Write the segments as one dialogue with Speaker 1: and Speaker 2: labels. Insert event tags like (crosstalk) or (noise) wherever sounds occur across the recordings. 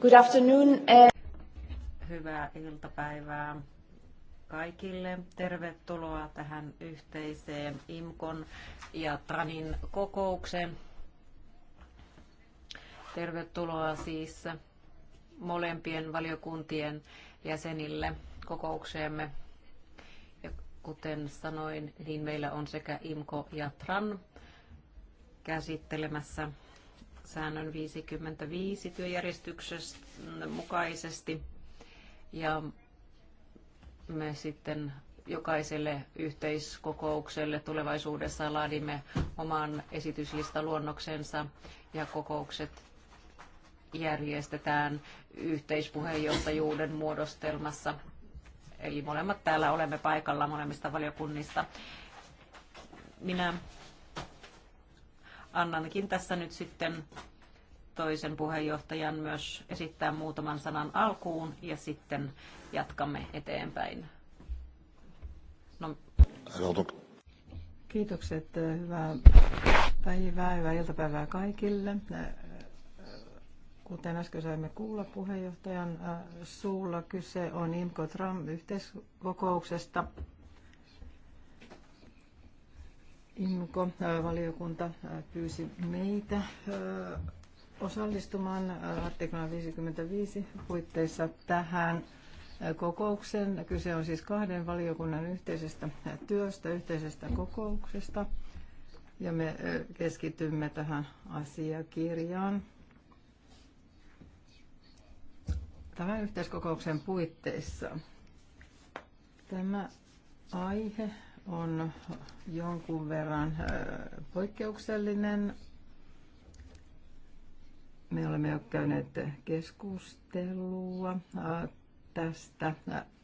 Speaker 1: Good afternoon. Eh.
Speaker 2: Hyvää iltapäivää kaikille. Tervetuloa tähän yhteiseen IMKON ja TRANin kokoukseen. Tervetuloa siis molempien valiokuntien jäsenille kokoukseemme. Ja kuten sanoin, niin meillä on sekä IMKO ja TRAN käsittelemässä säännön 55 työjärjestyksestä mukaisesti. Ja me sitten jokaiselle yhteiskokoukselle tulevaisuudessa laadimme oman esityslistaluonnoksensa ja kokoukset järjestetään yhteispuheenjohtajuuden muodostelmassa. Eli molemmat täällä olemme paikalla molemmista valiokunnista. Minä annankin tässä nyt sitten toisen puheenjohtajan myös esittää muutaman sanan alkuun ja sitten jatkamme eteenpäin. No.
Speaker 3: Kiitokset, hyvää päivää, hyvää iltapäivää kaikille. Kuten äsken saimme kuulla puheenjohtajan suulla, kyse on IMCO-TRAM yhteiskokouksesta – IMKO-valiokunta pyysi meitä osallistumaan artikla 55 puitteissa tähän kokoukseen. Kyse on siis kahden valiokunnan yhteisestä työstä, yhteisestä kokouksesta. Ja me keskitymme tähän asiakirjaan. Tämän yhteiskokouksen puitteissa tämä aihe on jonkun verran poikkeuksellinen. Me olemme jo käyneet keskustelua tästä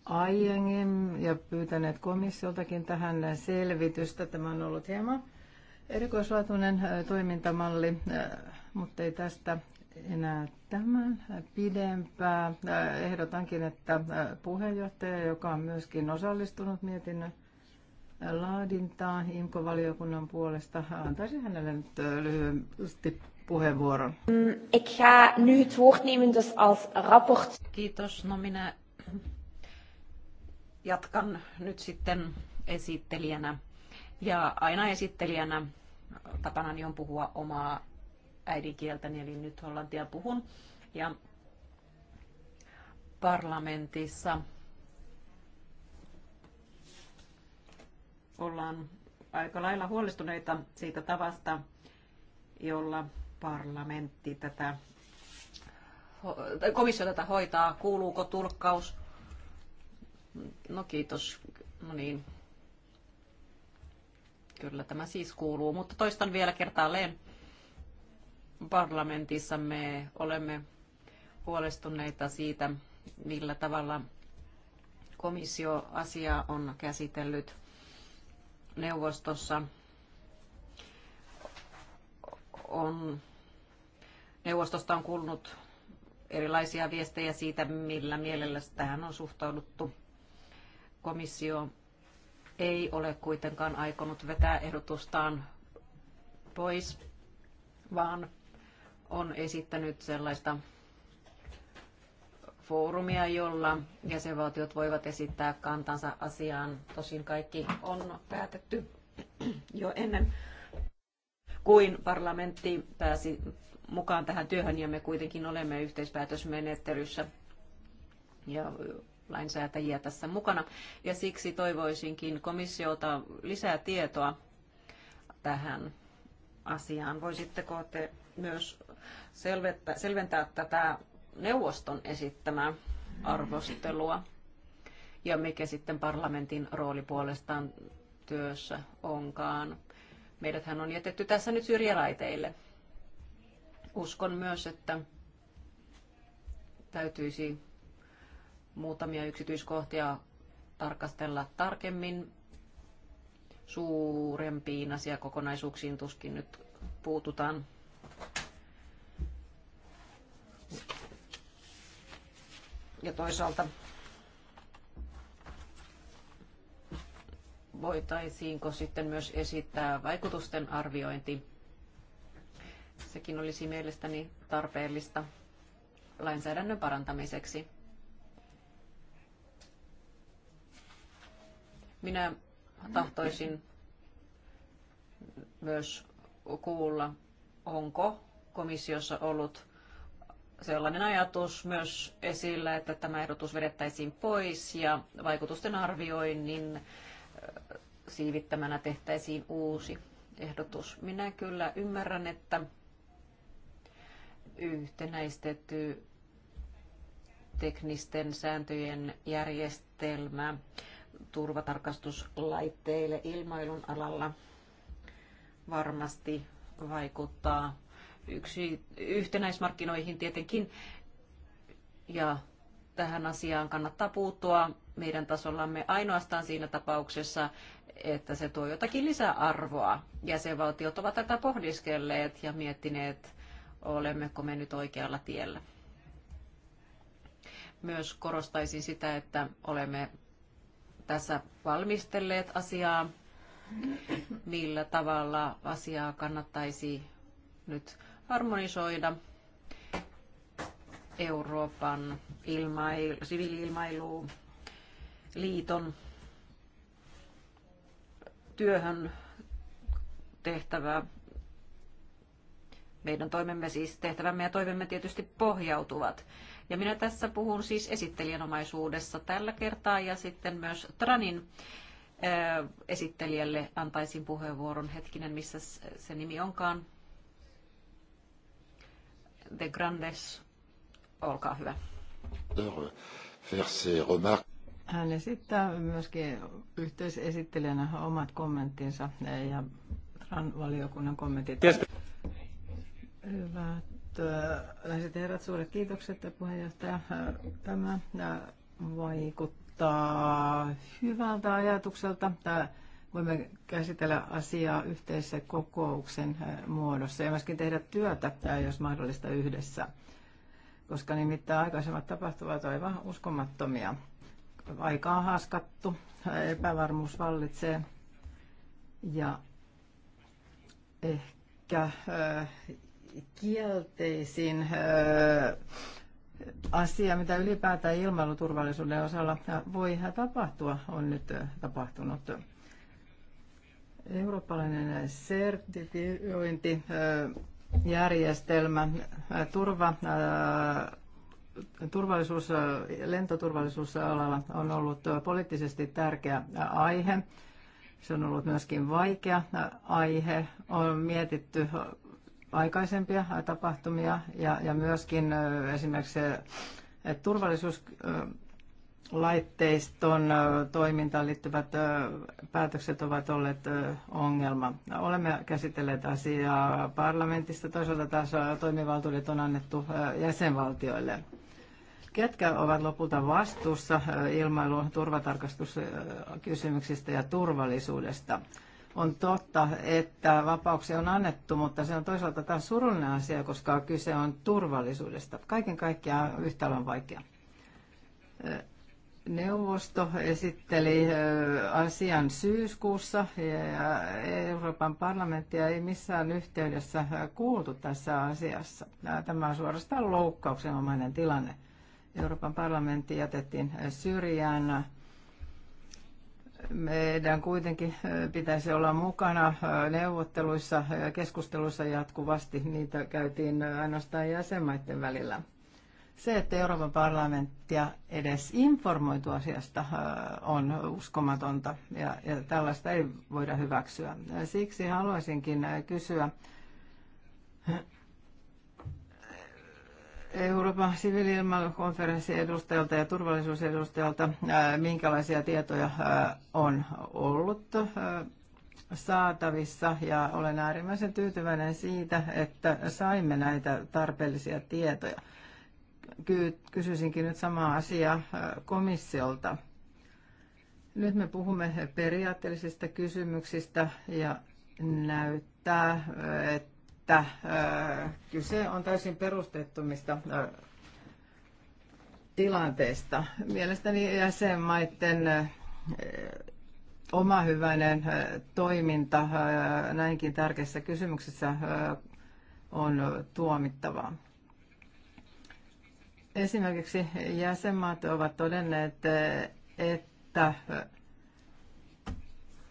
Speaker 3: aiemmin ja pyytäneet komissioltakin tähän selvitystä. Tämä on ollut hieman erikoislaatuinen toimintamalli, mutta ei tästä enää tämän pidempää. Ehdotankin, että puheenjohtaja, joka on myöskin osallistunut mietinnön laadintaa IMKO-valiokunnan puolesta. Antaisin hänelle nyt lyhyesti puheenvuoron.
Speaker 2: Mm, ik ga nu het woord nemen dus als rapport. Kiitos. No minä jatkan nyt sitten esittelijänä. Ja aina esittelijänä tapanani niin on puhua omaa äidinkieltäni, eli nyt hollantia puhun. Ja parlamentissa ollaan aika lailla huolestuneita siitä tavasta, jolla parlamentti tätä, komissio tätä hoitaa. Kuuluuko tulkkaus? No kiitos. No niin. Kyllä tämä siis kuuluu, mutta toistan vielä kertaalleen. Parlamentissa me olemme huolestuneita siitä, millä tavalla komissio asiaa on käsitellyt – neuvostossa on, neuvostosta on kuulunut erilaisia viestejä siitä, millä mielellä tähän on suhtauduttu. Komissio ei ole kuitenkaan aikonut vetää ehdotustaan pois, vaan on esittänyt sellaista foorumia, jolla jäsenvaltiot voivat esittää kantansa asiaan. Tosin kaikki on päätetty jo ennen kuin parlamentti pääsi mukaan tähän työhön ja me kuitenkin olemme yhteispäätösmenettelyssä ja lainsäätäjiä tässä mukana. Ja siksi toivoisinkin komissiota lisää tietoa tähän asiaan. Voisitteko te myös selventää tätä neuvoston esittämää arvostelua ja mikä sitten parlamentin rooli puolestaan työssä onkaan. Meidäthän on jätetty tässä nyt syrjäraiteille. Uskon myös, että täytyisi muutamia yksityiskohtia tarkastella tarkemmin. Suurempiin asiakokonaisuuksiin tuskin nyt puututaan Ja toisaalta voitaisiinko sitten myös esittää vaikutusten arviointi. Sekin olisi mielestäni tarpeellista lainsäädännön parantamiseksi. Minä tahtoisin myös kuulla, onko komissiossa ollut sellainen ajatus myös esillä, että tämä ehdotus vedettäisiin pois ja vaikutusten arvioinnin siivittämänä tehtäisiin uusi ehdotus. Minä kyllä ymmärrän, että yhtenäistetty teknisten sääntöjen järjestelmä turvatarkastuslaitteille ilmailun alalla varmasti vaikuttaa yksi, yhtenäismarkkinoihin tietenkin. Ja tähän asiaan kannattaa puuttua meidän tasollamme ainoastaan siinä tapauksessa, että se tuo jotakin lisäarvoa. Jäsenvaltiot ovat tätä pohdiskelleet ja miettineet, olemmeko me nyt oikealla tiellä. Myös korostaisin sitä, että olemme tässä valmistelleet asiaa, millä tavalla asiaa kannattaisi nyt harmonisoida Euroopan ilmail, liiton työhön tehtävää meidän toimemme siis tehtävämme ja toimemme tietysti pohjautuvat. Ja minä tässä puhun siis esittelijänomaisuudessa tällä kertaa ja sitten myös Tranin esittelijälle antaisin puheenvuoron hetkinen, missä se nimi onkaan de Grandes, olkaa hyvä.
Speaker 3: Hän esittää myöskin yhteisesittelijänä omat kommenttinsa ja valiokunnan kommentit. Hyvät äh, naiset herrat, suuret kiitokset puheenjohtaja. Tämä äh, vaikuttaa hyvältä ajatukselta. Tämä voimme käsitellä asiaa yhteisessä kokouksen äh, muodossa ja myöskin tehdä työtä, äh, jos mahdollista, yhdessä. Koska nimittäin aikaisemmat tapahtuvat aivan uskomattomia. aika on haaskattu, äh, epävarmuus vallitsee ja ehkä kielteisin asia, mitä ylipäätään ilmailuturvallisuuden osalla voi tapahtua, on nyt tapahtunut. Eurooppalainen sertifiointijärjestelmä turva, turvallisuus, lentoturvallisuusalalla on ollut poliittisesti tärkeä aihe. Se on ollut myöskin vaikea aihe. On mietitty aikaisempia tapahtumia ja, ja myöskin esimerkiksi turvallisuus laitteiston toimintaan liittyvät päätökset ovat olleet ongelma. Olemme käsitelleet asiaa parlamentista, toisaalta taas toimivaltuudet on annettu jäsenvaltioille. Ketkä ovat lopulta vastuussa ilmailun turvatarkastuskysymyksistä ja turvallisuudesta? On totta, että vapauksia on annettu, mutta se on toisaalta taas surullinen asia, koska kyse on turvallisuudesta. Kaiken kaikkiaan yhtälö on vaikea Neuvosto esitteli asian syyskuussa ja Euroopan parlamenttia ei missään yhteydessä kuultu tässä asiassa. Tämä on suorastaan loukkauksenomainen tilanne. Euroopan parlamentti jätettiin syrjään. Meidän kuitenkin pitäisi olla mukana neuvotteluissa ja keskusteluissa jatkuvasti. Niitä käytiin ainoastaan jäsenmaiden välillä. Se, että Euroopan parlamenttia edes informoitu asiasta, on uskomatonta ja, ja tällaista ei voida hyväksyä. Siksi haluaisinkin kysyä Euroopan siviiliilmailukonferenssin edustajalta ja turvallisuusedustajalta, minkälaisia tietoja on ollut saatavissa ja olen äärimmäisen tyytyväinen siitä, että saimme näitä tarpeellisia tietoja kysyisinkin nyt samaa asiaa äh, komissiolta. Nyt me puhumme periaatteellisista kysymyksistä ja näyttää, äh, että äh, kyse on täysin perusteettomista tilanteista. Mielestäni jäsenmaiden oma hyväinen toiminta näinkin tärkeissä kysymyksissä on tuomittavaa. Esimerkiksi jäsenmaat ovat todenneet, että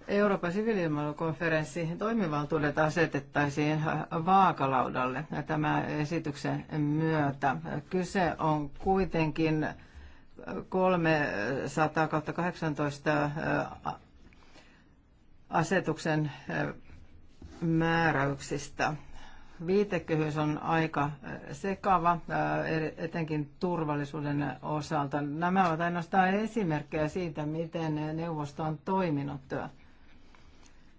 Speaker 3: Euroopan siviiliilmailukonferenssi toimivaltuudet asetettaisiin vaakalaudalle tämän esityksen myötä. Kyse on kuitenkin 300 18 asetuksen määräyksistä viitekehys on aika sekava, etenkin turvallisuuden osalta. Nämä ovat ainoastaan esimerkkejä siitä, miten neuvosto on toiminut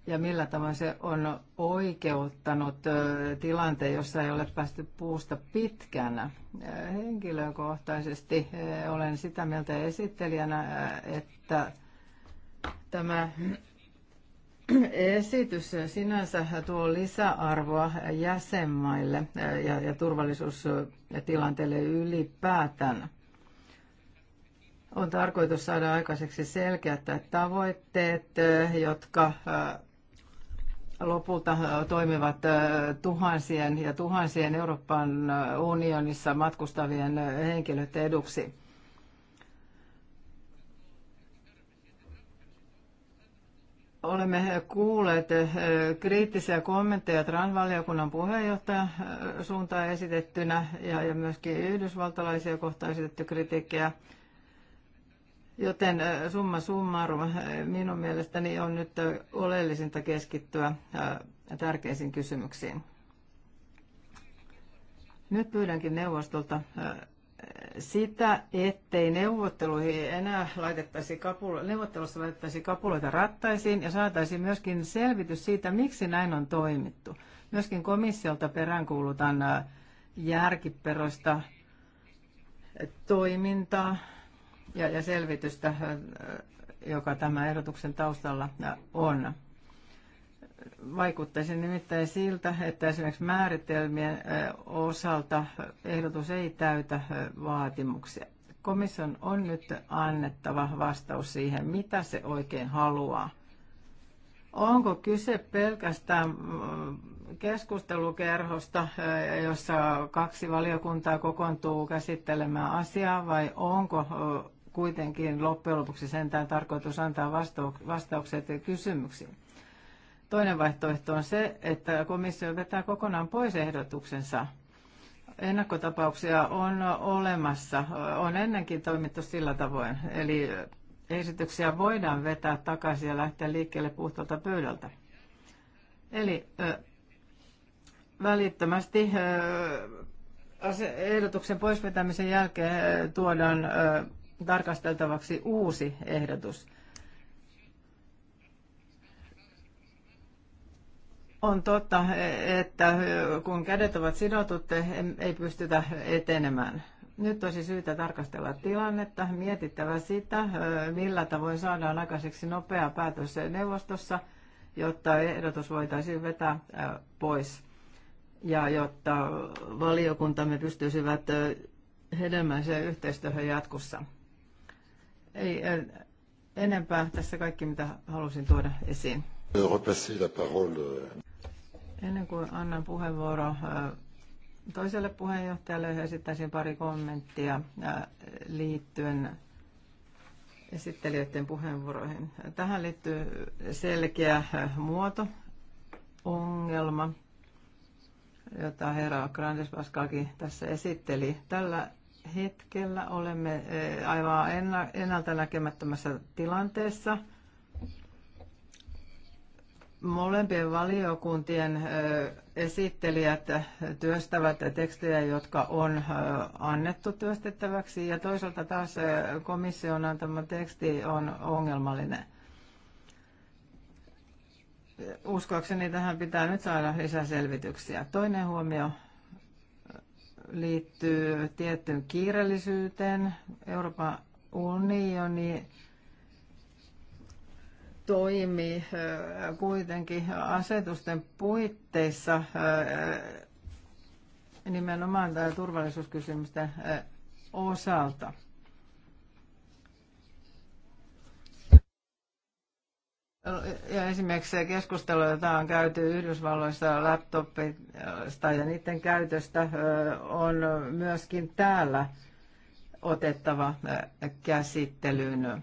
Speaker 3: ja millä tavoin se on oikeuttanut tilanteen, jossa ei ole päästy puusta pitkänä. Henkilökohtaisesti olen sitä mieltä esittelijänä, että tämä esitys sinänsä tuo lisäarvoa jäsenmaille ja, ja turvallisuustilanteelle ylipäätään. On tarkoitus saada aikaiseksi selkeät tavoitteet, jotka äh, lopulta toimivat äh, tuhansien ja tuhansien Euroopan unionissa matkustavien henkilöiden eduksi. Olemme kuulleet eh, kriittisiä kommentteja TRAN-valiokunnan puheenjohtajan eh, suuntaan esitettynä ja, ja myöskin yhdysvaltalaisia kohtaan esitetty kritiikkiä. Joten eh, summa summarum minun mielestäni on nyt oleellisinta keskittyä tärkeisiin kysymyksiin. Nyt pyydänkin neuvostolta sitä, ettei neuvotteluihin enää laitettaisi kapulo, neuvottelussa laitettaisi kapuloita rattaisiin ja saataisiin myöskin selvitys siitä, miksi näin on toimittu. Myöskin komissiolta peräänkuulutan äh, järkiperoista äh, toimintaa ja, ja selvitystä, äh, joka tämä ehdotuksen taustalla on vaikuttaisi nimittäin siltä, että esimerkiksi määritelmien osalta ehdotus ei täytä vaatimuksia. Komission on nyt annettava vastaus siihen, mitä se oikein haluaa. Onko kyse pelkästään keskustelukerhosta, jossa kaksi valiokuntaa kokoontuu käsittelemään asiaa, vai onko kuitenkin loppujen lopuksi sentään tarkoitus antaa vastaukset kysymyksiin? Toinen vaihtoehto on se, että komissio vetää kokonaan pois ehdotuksensa. Ennakkotapauksia on olemassa. On ennenkin toimittu sillä tavoin. Eli esityksiä voidaan vetää takaisin ja lähteä liikkeelle puhtolta pöydältä. Eli välittömästi ehdotuksen poisvetämisen jälkeen tuodaan tarkasteltavaksi uusi ehdotus – On totta, että kun kädet ovat sidotut, ei pystytä etenemään. Nyt olisi syytä tarkastella tilannetta, mietittävä sitä, millä tavoin saadaan aikaiseksi nopea päätös neuvostossa, jotta ehdotus voitaisiin vetää pois ja jotta valiokuntamme pystyisivät hedelmäiseen yhteistyöhön jatkossa. Ei enempää tässä kaikki, mitä halusin tuoda esiin. Ennen kuin annan puheenvuoro toiselle puheenjohtajalle, esittäisin pari kommenttia liittyen esittelijöiden puheenvuoroihin. Tähän liittyy selkeä muoto, ongelma, jota herra Grandes Pascalkin tässä esitteli. Tällä hetkellä olemme aivan ennalta näkemättömässä tilanteessa – Molempien valiokuntien esittelijät työstävät tekstejä, jotka on annettu työstettäväksi, ja toisaalta taas komission antama teksti on ongelmallinen. Uskoakseni tähän pitää nyt saada lisäselvityksiä. Toinen huomio liittyy tiettyyn kiireellisyyteen. Euroopan unioni toimii äh, kuitenkin asetusten puitteissa äh, nimenomaan tämä turvallisuuskysymysten äh, osalta. Ja esimerkiksi keskustelu, jota on käyty Yhdysvalloissa laptopista ja niiden käytöstä, on myöskin täällä otettava käsittelyyn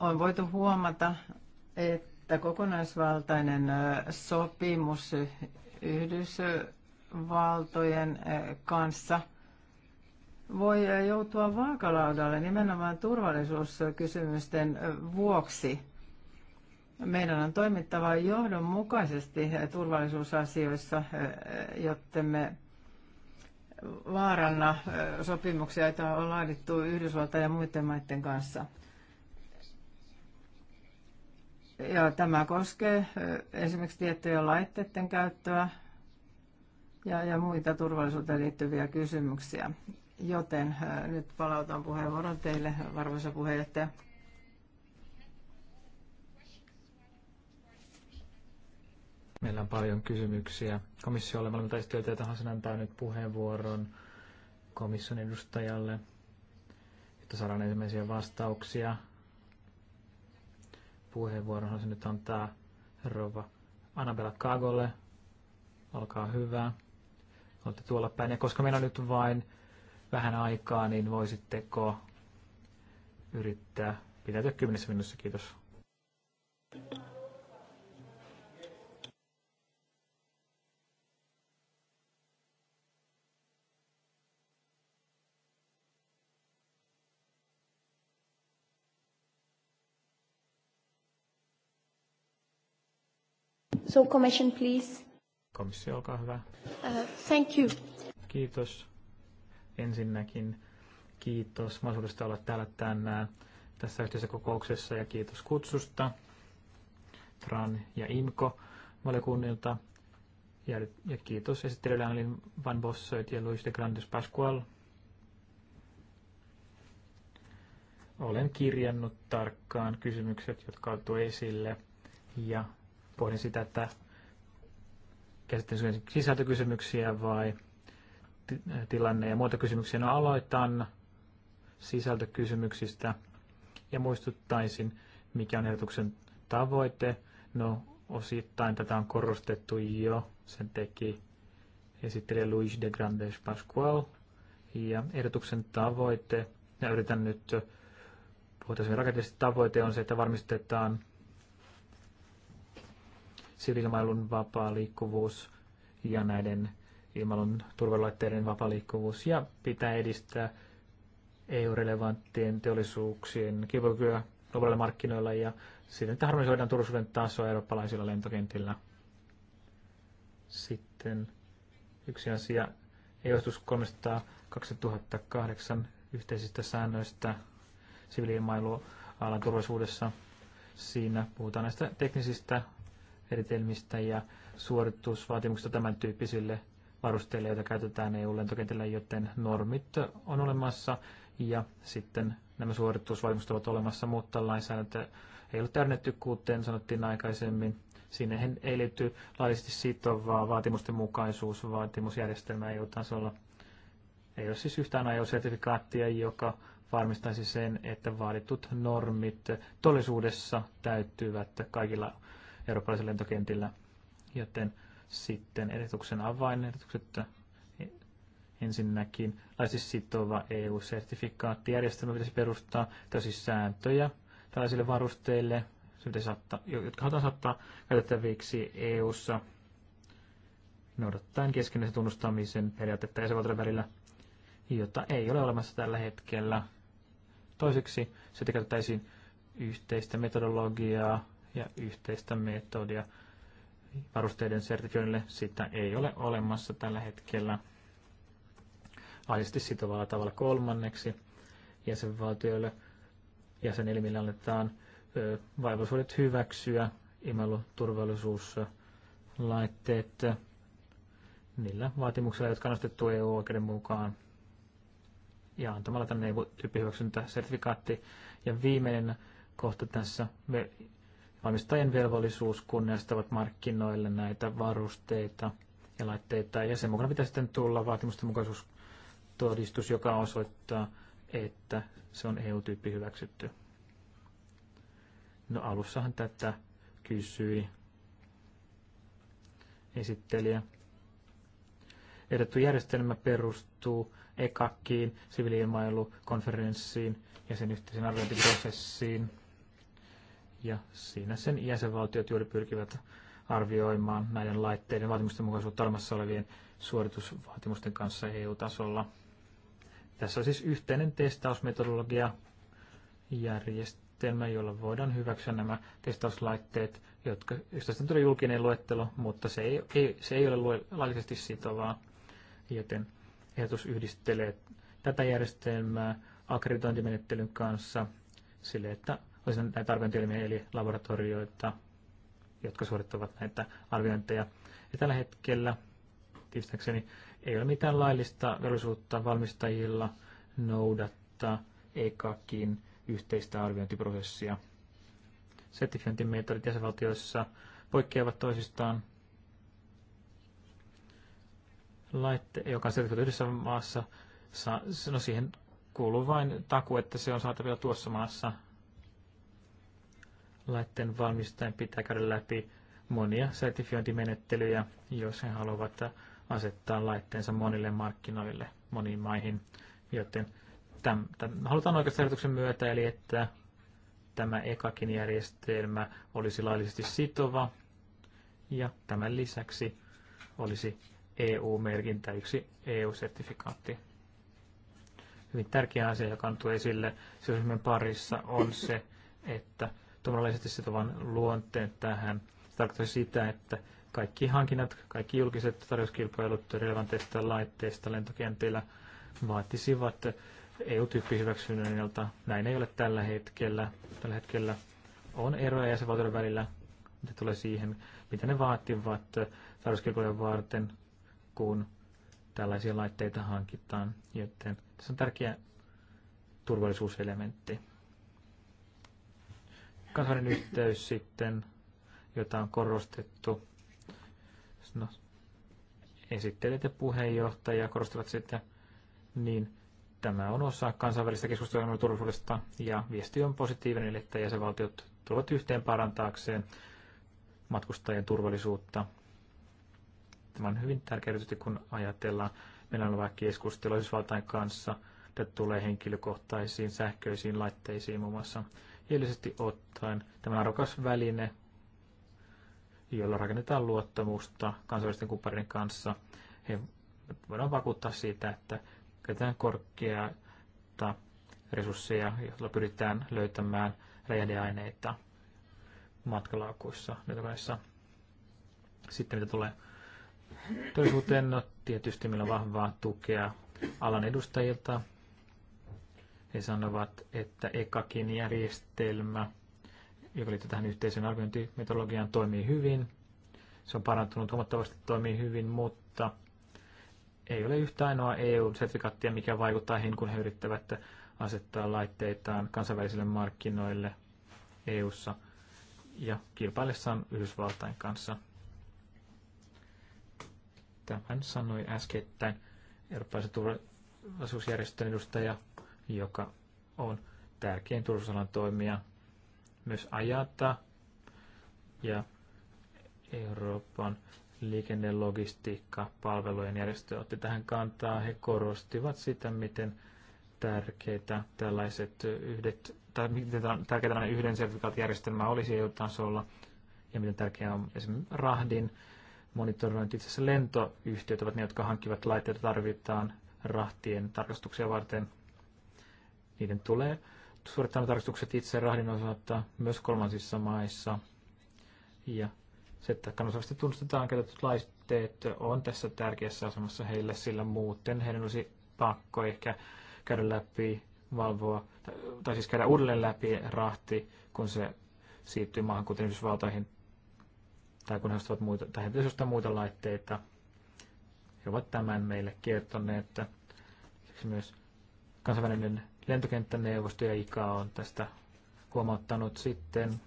Speaker 3: on voitu huomata, että kokonaisvaltainen sopimus Yhdysvaltojen kanssa voi joutua vaakalaudalle nimenomaan turvallisuuskysymysten vuoksi. Meidän on toimittava johdonmukaisesti turvallisuusasioissa, jotta me vaaranna sopimuksia, joita on laadittu Yhdysvaltain ja muiden maiden kanssa. Ja tämä koskee esimerkiksi tiettyjen laitteiden käyttöä ja, ja muita turvallisuuteen liittyviä kysymyksiä. Joten nyt palautan puheenvuoron teille, arvoisa puheenjohtaja.
Speaker 1: Meillä on paljon kysymyksiä. Komissiolle valmiita yhteyttä, johon sen antaa nyt puheenvuoron komission edustajalle, jotta saadaan ensimmäisiä vastauksia Puheenvuoron se nyt antaa rouva Annabella Kagolle. Olkaa hyvä. Olette tuolla päin. Ja koska meillä on nyt vain vähän aikaa, niin voisitteko yrittää pitäytyä kymmenessä minuutissa. Kiitos.
Speaker 3: So commission, please.
Speaker 1: Komissio, olkaa hyvä.
Speaker 3: Uh, thank you.
Speaker 1: Kiitos. Ensinnäkin kiitos mahdollisuudesta olla täällä tänään tässä yhteisessä kokouksessa ja kiitos kutsusta Tran ja Imko valiokunnilta. Ja, ja kiitos esittelijöille Annelin Van Bossöit ja Luis de Grandes Pascual. Olen kirjannut tarkkaan kysymykset, jotka on esille ja pohdin sitä, että käsittelen sisältökysymyksiä vai äh, tilanne ja muita kysymyksiä. No aloitan sisältökysymyksistä ja muistuttaisin, mikä on ehdotuksen tavoite. No osittain tätä on korostettu jo, sen teki esittelijä Luis de Grandes Pascual. Ja ehdotuksen tavoite, ja yritän nyt puhutaan rakenteellisesti tavoite on se, että varmistetaan siviilimailun vapaa liikkuvuus ja näiden ilmailun turvalaitteiden vapaa liikkuvuus ja pitää edistää EU-relevanttien teollisuuksien kilpailukykyä globaaleilla markkinoilla ja siten, että harmonisoidaan turvallisuuden tasoa eurooppalaisilla lentokentillä. Sitten yksi asia, ehdotus 2008 yhteisistä säännöistä siviiliilmailualan turvallisuudessa. Siinä puhutaan näistä teknisistä eritelmistä ja suoritusvaatimuksista tämän tyyppisille varusteille, joita käytetään EU-lentokentällä, joten normit on olemassa ja sitten nämä suoritusvaatimukset ovat olemassa, mutta lainsäädäntö ei ole täydennetty, kuten sanottiin aikaisemmin. Sinne ei liity laillisesti sitovaa vaatimusten mukaisuusvaatimusjärjestelmää EU-tasolla. Ei ole siis yhtään ajosertifikaattia, joka varmistaisi sen, että vaaditut normit todellisuudessa täyttyvät kaikilla eurooppalaisen lentokentillä. Joten sitten ehdotuksen avainehdotukset ensinnäkin laisesti sitova EU-sertifikaattijärjestelmä pitäisi perustaa, tai sääntöjä tällaisille varusteille, jotka halutaan saattaa käytettäviksi EU-ssa noudattaen keskinäisen tunnustamisen periaatteita jäsenvaltioiden välillä, jota ei ole olemassa tällä hetkellä. Toiseksi se, käytettäisiin yhteistä metodologiaa ja yhteistä metodia varusteiden sertifioinnille. Sitä ei ole olemassa tällä hetkellä aidosti sitovalla tavalla kolmanneksi jäsenvaltioille jäsenelimille annetaan vaivaisuudet hyväksyä imeluturvallisuuslaitteet niillä vaatimuksilla, jotka on nostettu EU-oikeuden mukaan ja antamalla tänne sertifikaatti Ja viimeinen kohta tässä, valmistajien velvollisuus kunniastavat markkinoille näitä varusteita ja laitteita. Ja sen mukana pitää sitten tulla vaatimusten mukaisuustodistus, joka osoittaa, että se on EU-tyyppi hyväksytty. No alussahan tätä kysyi esittelijä. Ehdottu järjestelmä perustuu ECAKiin, siviiliilmailukonferenssiin ja sen yhteisen arviointiprosessiin ja siinä sen jäsenvaltiot juuri pyrkivät arvioimaan näiden laitteiden vaatimusten mukaisuutta olemassa olevien suoritusvaatimusten kanssa EU-tasolla. Tässä on siis yhteinen testausmetodologia järjestelmä, jolla voidaan hyväksyä nämä testauslaitteet, jotka, josta sitten tuli julkinen luettelo, mutta se ei, ei, se ei ole laillisesti sitovaa, joten ehdotus yhdistelee tätä järjestelmää akkreditointimenettelyn kanssa sille, että olisi näitä arviointielimiä eli laboratorioita, jotka suorittavat näitä arviointeja. Ja tällä hetkellä, tiivistäkseni, ei ole mitään laillista velvollisuutta valmistajilla noudattaa ekakin yhteistä arviointiprosessia. Sertifiointimetodit jäsenvaltioissa poikkeavat toisistaan. Laitte, joka on sertifioitu yhdessä maassa, saa, no siihen kuuluu vain taku, että se on saatavilla tuossa maassa laitteen valmistajan pitää käydä läpi monia sertifiointimenettelyjä, jos he haluavat asettaa laitteensa monille markkinoille, moniin maihin, joten tämän, tämän, halutaan oikeastaan myötä, eli että tämä ekakin järjestelmä olisi laillisesti sitova ja tämän lisäksi olisi EU-merkintä, yksi EU-sertifikaatti. Hyvin tärkeä asia, joka on tullut esille parissa, on se, että tuomarallisesti sitovan luonteen tähän. Se tarkoittaa sitä, että kaikki hankinnat, kaikki julkiset tarjouskilpailut relevanteista laitteista lentokentillä vaatisivat EU-tyyppihyväksynnältä. Näin ei ole tällä hetkellä. Tällä hetkellä on eroja jäsenvaltioiden välillä, mitä tulee siihen, mitä ne vaativat tarjouskilpailujen varten, kun tällaisia laitteita hankitaan, joten tässä on tärkeä turvallisuuselementti kansainvälinen yhteys sitten, jota on korostettu. No, esittelijät ja puheenjohtaja korostivat sitä, niin tämä on osa kansainvälistä keskustelua turvallisuudesta ja viesti on positiivinen, eli että jäsenvaltiot tulevat yhteen parantaakseen matkustajien turvallisuutta. Tämä on hyvin tärkeää tietysti, kun ajatellaan meillä on vaikka keskustelua Yhdysvaltain kanssa, että tulee henkilökohtaisiin sähköisiin laitteisiin muun muassa yleisesti ottaen tämä arvokas väline, jolla rakennetaan luottamusta kansainvälisten kumppanien kanssa. He voidaan vakuuttaa siitä, että käytetään korkeaa resursseja, joilla pyritään löytämään räjähdeaineita matkalaukuissa, Sitten mitä tulee todellisuuteen, no tietysti meillä on vahvaa tukea alan edustajilta, he sanovat, että EKAKin järjestelmä, joka liittyy tähän yhteisen arviointimetodologiaan, toimii hyvin. Se on parantunut huomattavasti, toimii hyvin, mutta ei ole yhtä ainoa EU-sertifikaattia, mikä vaikuttaa heihin, kun he yrittävät asettaa laitteitaan kansainvälisille markkinoille EU:ssa ja kilpaillessaan Yhdysvaltain kanssa. Tämän sanoi äskettäin eurooppalaisen turvallisuusjärjestön edustaja joka on tärkein turvallisuusalan toimija. Myös Ajata ja Euroopan liikennelogistiikka palvelujen järjestö otti tähän kantaa. He korostivat sitä, miten tärkeitä tällaiset yhdet, tai miten tärkeä tällainen yhden sertifikaatijärjestelmä olisi EU-tasolla ja miten tärkeää on esimerkiksi rahdin monitorointi. Itse asiassa lentoyhtiöt ovat ne, jotka hankkivat laitteita tarvitaan rahtien tarkastuksia varten niiden tulee suorittaa tarkastukset itse rahdin osalta myös kolmansissa maissa. Ja se, että kansallisesti tunnustetaan käytetyt laitteet, on tässä tärkeässä asemassa heille, sillä muuten heidän olisi pakko ehkä käydä läpi, valvoa, tai siis käydä uudelleen läpi rahti, kun se siirtyy maahan, kuten Yhdysvaltoihin, tai kun he ostavat muita, tai he ostavat muita laitteita. He ovat tämän meille kertoneet, että myös kansainvälinen lentokenttäneuvosto ja IKA on tästä huomauttanut sitten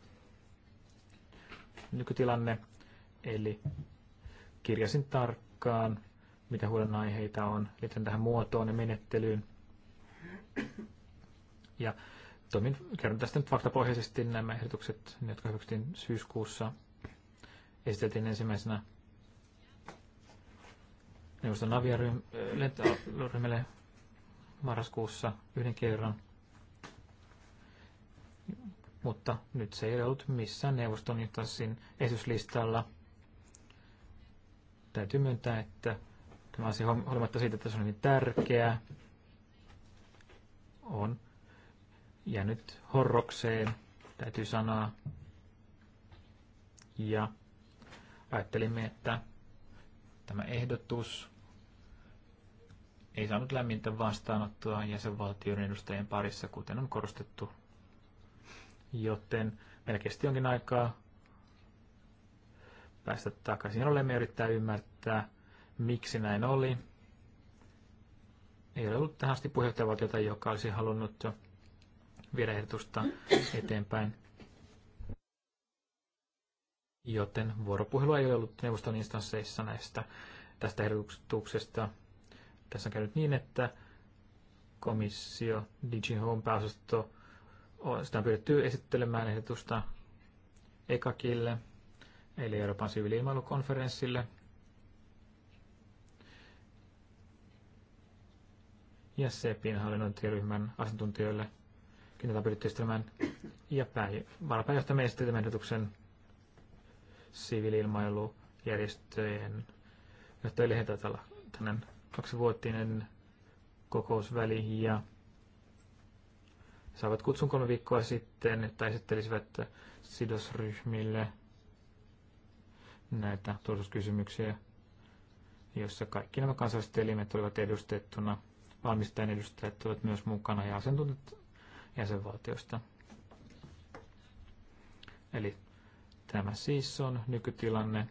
Speaker 1: nykytilanne, eli kirjasin tarkkaan, mitä huolenaiheita on liittyen tähän muotoon ja menettelyyn. Ja toimin, kerron tästä nyt faktapohjaisesti nämä ehdotukset, jotka hyväksyttiin syyskuussa. Esiteltiin ensimmäisenä neuvoston aviaryhmälle äh, äh, marraskuussa yhden kerran. Mutta nyt se ei ollut missään neuvoston johtaisin esityslistalla. Täytyy myöntää, että tämä asia huolimatta siitä, että se on niin tärkeää, on jäänyt horrokseen, täytyy sanoa. Ja ajattelimme, että tämä ehdotus ei saanut lämmintä vastaanottoa jäsenvaltioiden edustajien parissa, kuten on korostettu. Joten meillä kesti jonkin aikaa päästä takaisin olemme yrittää ymmärtää, miksi näin oli. Ei ole ollut tähän asti puheenjohtajavaltiota, joka olisi halunnut viedä ehdotusta eteenpäin. Joten vuoropuhelua ei ole ollut neuvoston instansseissa näistä tästä ehdotuksesta tässä on käynyt niin, että komissio, DigiHome pääosasto, sitä on pyydetty esittelemään ehdotusta EKAKille, eli Euroopan siviiliilmailukonferenssille. Ja CEPin hallinnointiryhmän asiantuntijoille on pyydetty esittelemään ja pääj- varapääjohtaja tämän ehdotuksen siviiliilmailujärjestöjen johtajille heitä tällainen kaksivuotinen kokousväli ja saavat kutsun kolme viikkoa sitten, että esittelisivät sidosryhmille näitä turvallisuuskysymyksiä, jossa kaikki nämä kansalliset elimet olivat edustettuna. Valmistajan edustajat olivat myös mukana ja asiantuntijat jäsenvaltiosta. Eli tämä siis on nykytilanne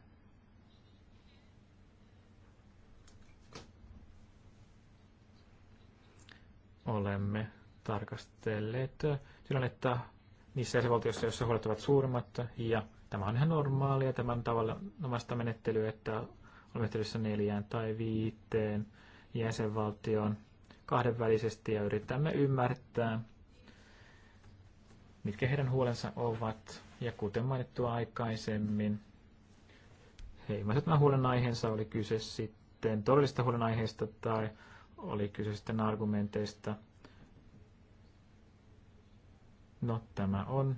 Speaker 1: olemme tarkastelleet tilannetta niissä jäsenvaltioissa, joissa huolet ovat suurimmat, ja tämä on ihan normaalia tämän tavalla omasta menettelyä, että olemme menettelyssä neljään tai viiteen jäsenvaltioon kahdenvälisesti ja yritämme ymmärtää, mitkä heidän huolensa ovat. Ja kuten mainittua aikaisemmin, heimaiset nämä huolenaiheensa oli kyse sitten todellista huolenaiheesta tai oli kyse sitten argumenteista. No, tämä on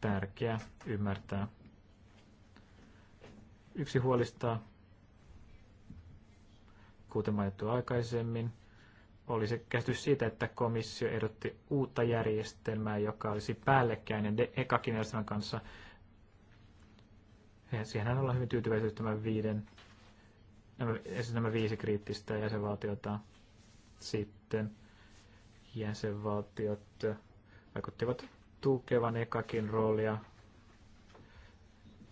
Speaker 1: tärkeä ymmärtää. Yksi huolista, kuten mainittu aikaisemmin, oli se käsitys siitä, että komissio ehdotti uutta järjestelmää, joka olisi päällekkäinen ekakin kanssa. Siihenhän ollaan hyvin tyytyväisiä tämän viiden nämä, nämä viisi kriittistä jäsenvaltiota sitten jäsenvaltiot eh, vaikuttivat tukevan ekakin roolia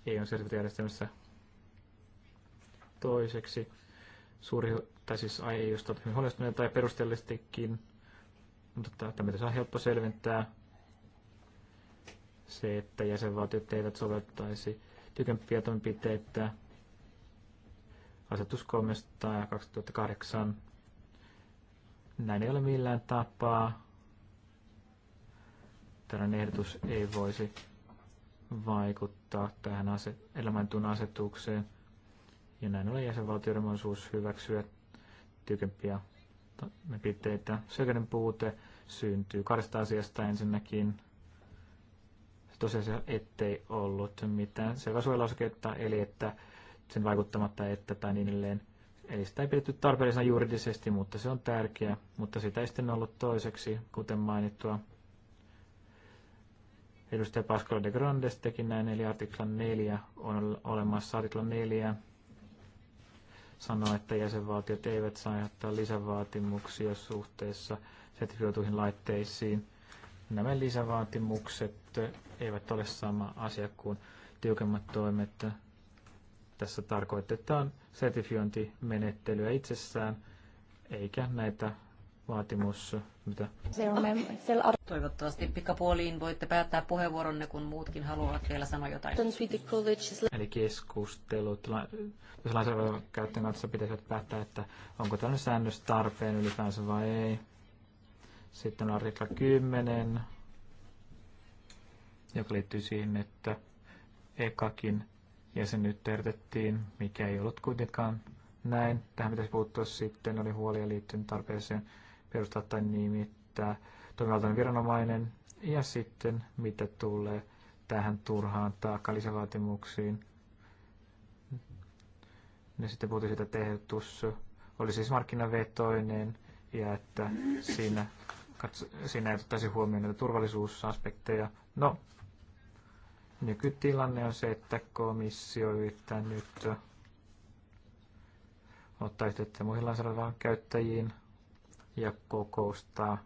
Speaker 1: EUn sertifiointijärjestelmässä toiseksi. Suuri, tai siis ai ei just hyvin huolestuneita tai perusteellisestikin, mutta tämä on helppo selventää. Se, että jäsenvaltiot eivät soveltaisi tykempiä toimenpiteitä asetus 300 ja 2008. Näin ei ole millään tapaa. Tällainen ehdotus ei voisi vaikuttaa tähän ase- elämäntun asetukseen. Ja näin ollen jäsenvaltioiden mahdollisuus hyväksyä tiukempia piteitä. Sökeiden puute syntyy kahdesta asiasta ensinnäkin. tosiasia, ettei ollut mitään selvä suojelausketta, eli että sen vaikuttamatta, että tai niin edelleen. Eli sitä ei pidetty tarpeellisena juridisesti, mutta se on tärkeä. Mutta sitä ei sitten ollut toiseksi, kuten mainittua. Edustaja Pascal de Grandes teki näin, eli artiklan 4 on olemassa artikla 4 sanoo, että jäsenvaltiot eivät saa aiheuttaa lisävaatimuksia suhteessa sertifioituihin laitteisiin. Nämä lisävaatimukset eivät ole sama asia kuin tiukemmat toimet tässä tarkoitetaan sertifiointimenettelyä itsessään, eikä näitä vaatimus. Mitä?
Speaker 2: Toivottavasti pikapuoliin voitte päättää puheenvuoronne, kun muutkin haluavat vielä sanoa jotain.
Speaker 1: Eli keskustelut jos lainsäädännön käyttäjän kanssa pitäisi päättää, että onko tällainen säännös tarpeen ylipäänsä vai ei. Sitten on artikla 10, joka liittyy siihen, että ekakin ja se nyt ehdotettiin, mikä ei ollut kuitenkaan näin. Tähän pitäisi puuttua sitten, oli huolia liittyen tarpeeseen perustaa tai nimittää toimivaltainen viranomainen. Ja sitten mitä tulee tähän turhaan taakkalisävaatimuksiin. Ne sitten puhuttiin siitä, että ehdotus oli siis markkinavetoinen ja että siinä, katso, siinä ei ottaisi huomioon näitä turvallisuusaspekteja. No, Nykytilanne on se, että komissio yrittää nyt ottaa yhteyttä muihin lainsäädännön käyttäjiin ja kokoustaa